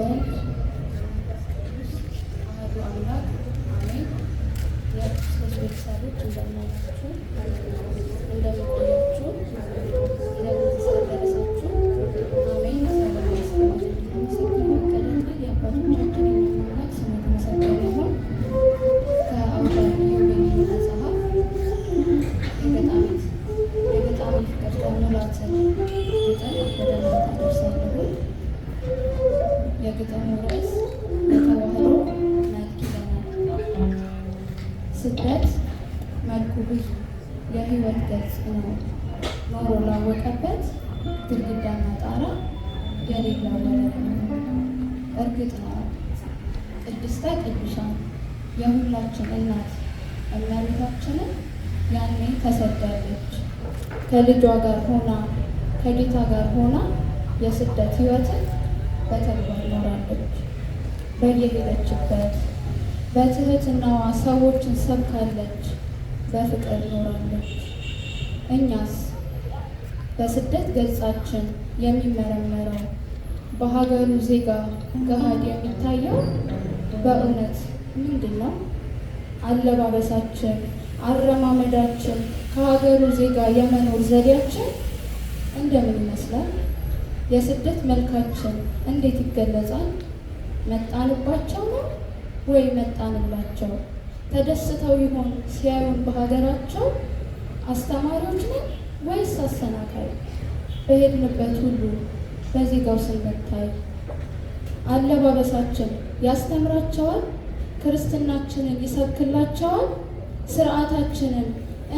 በወልድ አሐዱ አምላክ አሜን። የክርስቶስ ቤተሰቦች እንደምናችሁ እንደምቆያችሁ በገዳሙ ርዕስ የተዋህዶ መልክ ይለናል። ስደት መልኩ ብዙ የህይወት ገጽ ነው። ኖሮ ላወቀበት ግድግዳና ጣራ የሌለው ወለል ነው። እርግጥ ነው ቅድስተ ቅዱሳን የሁላችን እናት እመቤታችንን ያኔ ተሰዳለች። ከልጇ ጋር ሆና ከጌታ ጋር ሆና የስደት ህይወትን በተግባር ኖራለች። በየሄደችበት በትህትናዋ ሰዎችን ሰብካለች፣ በፍቅር ኖራለች። እኛስ በስደት ገጻችን የሚመረመረው በሀገሩ ዜጋ ገሃድ የሚታየው በእውነት ምንድን ነው? አለባበሳችን፣ አረማመዳችን፣ ከሀገሩ ዜጋ የመኖር ዘዴያችን እንደምን ይመስላል? የስደት መልካችን እንዴት ይገለጻል? መጣንባቸው ነው ወይ መጣንላቸው? ተደስተው ይሆን ሲያዩን በሀገራቸው? አስተማሪዎች ነን ወይስ አሰናካይ? በሄድንበት ሁሉ በዜጋው ስንመታይ አለባበሳችን ያስተምራቸዋል? ክርስትናችንን ይሰብክላቸዋል? ስርዓታችንን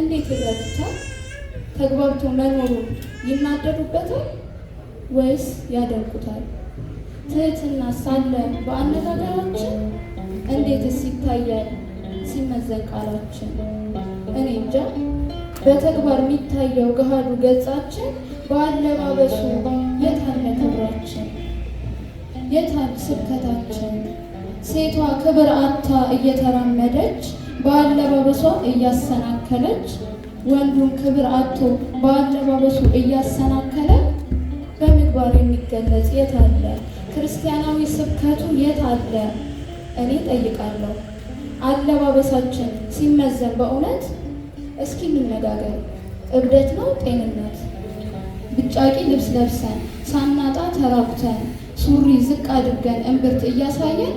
እንዴት ይረዱታል? ተግባብቶ መኖሩን ይናደዱበታል? ወይስ ያደርቁታል? ትህትና ሳለ በአነጋገራችን እንዴትስ ይታያል ሲመዘን ቃላችን? እኔ እንጃ። በተግባር የሚታየው ገሃዱ ገጻችን በአለባበሱ የታነ ክብራችን? የታን ስብከታችን? ሴቷ ክብር አታ እየተራመደች በአለባበሷ እያሰናከለች ወንዱን ክብር አቶ በአለባበሱ እያሰና በተግባር የሚገለጽ የት አለ? ክርስቲያናዊ ስብከቱ የት አለ? እኔ ጠይቃለሁ። አለባበሳችን ሲመዘን በእውነት እስኪ እንነጋገር። እብደት ነው ጤንነት? ብጫቂ ልብስ ለብሰን ሳናጣ ተራቁተን ሱሪ ዝቅ አድርገን እምብርት እያሳየን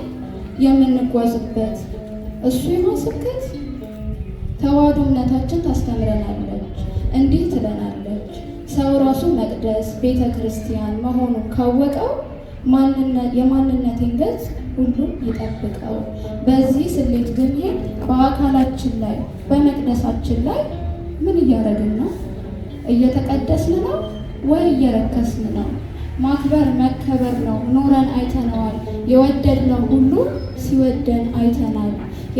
የምንጓዝበት እሱ ይሆን ስብከት? ተዋሕዶ እምነታችን ታስተምረናለች፣ እንዲህ ትለናለች ሰው ራሱ መቅደስ ቤተ ክርስቲያን መሆኑን ካወቀው የማንነቴን ገጽ ሁሉም ይጠብቀው። በዚህ ስሌት ግን በአካላችን ላይ በመቅደሳችን ላይ ምን እያደረግን ነው? እየተቀደስን ነው ወይ እየረከስን ነው? ማክበር መከበር ነው። ኖረን አይተነዋል። የወደድነው ሁሉ ሲወደን አይተናል።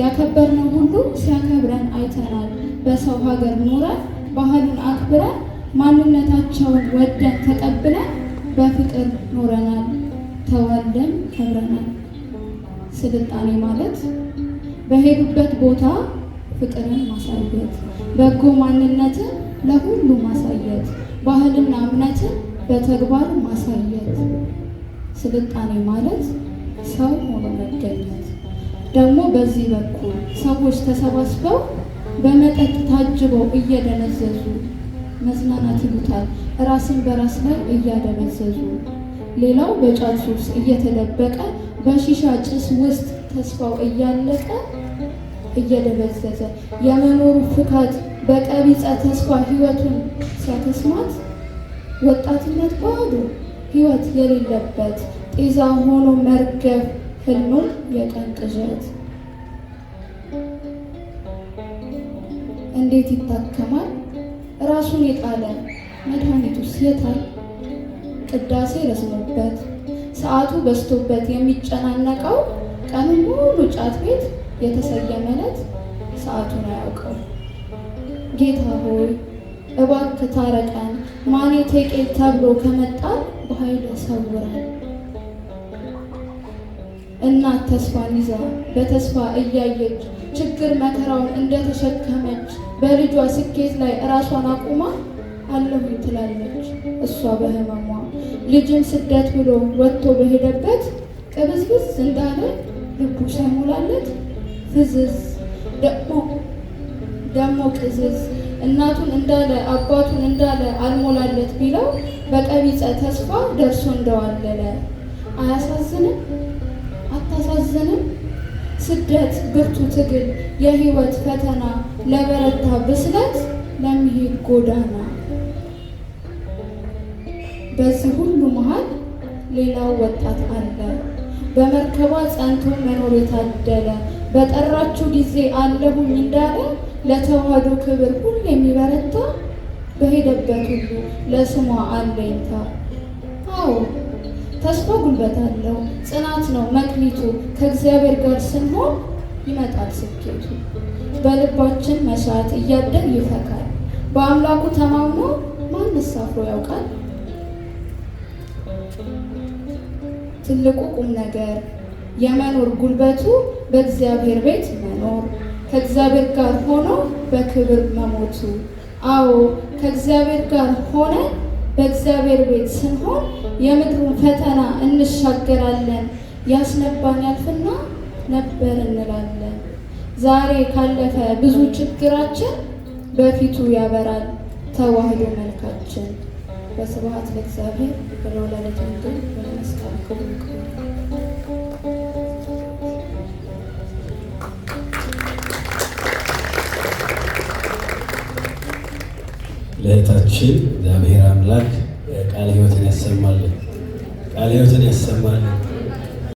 ያከበርነው ሁሉ ሲያከብረን አይተናል። በሰው ሀገር ኖረን ባህሉን አክብረን ማንነታቸውን ወደን ተቀብለን በፍቅር ኖረናል፣ ተወልደን ከብረናል። ስልጣኔ ማለት በሄዱበት ቦታ ፍቅርን ማሳየት፣ በጎ ማንነትን ለሁሉ ማሳየት፣ ባህልና እምነትን በተግባር ማሳየት። ስልጣኔ ማለት ሰው ሆኖ መገኘት ደግሞ በዚህ በኩል ሰዎች ተሰባስበው በመጠጥ ታጅበው እየደነዘዙ መዝናናት ይሉታል። ራስን በራስ ላይ እያደመዘዙ ሌላው በጫት ሱስ እየተደበቀ በሺሻ ጭስ ውስጥ ተስፋው እያለቀ እየደበዘዘ የመኖሩ ፍካት በቀቢጸ ተስፋ ህይወቱን ሲያተስማት ወጣትነት ባዶ ህይወት የሌለበት ጤዛ ሆኖ መርገብ ህልሙን የቀን ቅዠት እንዴት ይታከማል? ራሱን የጣለ መድኃኒቱስ የታል? ቅዳሴ ረዝሞበት ሰዓቱ በዝቶበት የሚጨናነቀው ቀኑን ሙሉ ጫት ቤት የተሰየመ ዕለት ሰዓቱን አያውቀው። ጌታ ሆይ እባክህ ታረቀን፣ ማኔ ቴቄል ተብሎ ከመጣ በኃይል ሰውረን። እናት ተስፋን ይዛ በተስፋ እያየች ችግር መከራውን እንደተሸከመች በልጇ ስኬት ላይ እራሷን አቁማ አለሁኝ ትላለች። እሷ በህመሟ ልጅን ስደት ብሎ ወጥቶ በሄደበት ቅብዝብዝ እንዳለ ልቡ ሳይሞላለት ፍዝዝ ደግሞ ቅዝዝ እናቱን እንዳለ አባቱን እንዳለ አልሞላለት ቢለው በቀቢጸ ተስፋ ደርሶ እንደዋለለ አያሳዝንም? አታሳዝንም? ስደት ብርቱ ትግል የህይወት ፈተና ለበረታ ብስለት ለሚሄድ ጎዳና በዚህ ሁሉ መሃል ሌላው ወጣት አለ በመርከቧ ጸንቶ መኖር የታደለ በጠራችው ጊዜ አለሁኝ እንዳለ ለተዋህዶ ክብር ሁሉ የሚበረታ በሄደበት ሁሉ ለስሟ አለኝታ ጉልበት አለው። ጽናት ነው መክሊቱ። ከእግዚአብሔር ጋር ስንሆን ይመጣል ስኬቱ። በልባችን መስራት እያደር ይፈካል። በአምላኩ ተማምኖ ማን አፍሮ ያውቃል? ትልቁ ቁም ነገር የመኖር ጉልበቱ በእግዚአብሔር ቤት መኖር ከእግዚአብሔር ጋር ሆኖ በክብር መሞቱ። አዎ ከእግዚአብሔር ጋር ሆነን! በእግዚአብሔር ቤት ስንሆን የምድሩን ፈተና እንሻገራለን፣ ያስነባን ያልፍና ነበር እንላለን። ዛሬ ካለፈ ብዙ ችግራችን በፊቱ ያበራል ተዋህዶ መልካችን። በስብሐት ለእግዚአብሔር ወለወላዲቱ ድንግል ወለመስቀሉ ክቡር። ለእህታችን እግዚአብሔር አምላክ ቃል ሕይወትን ያሰማልን። ቃል ሕይወትን ያሰማልን።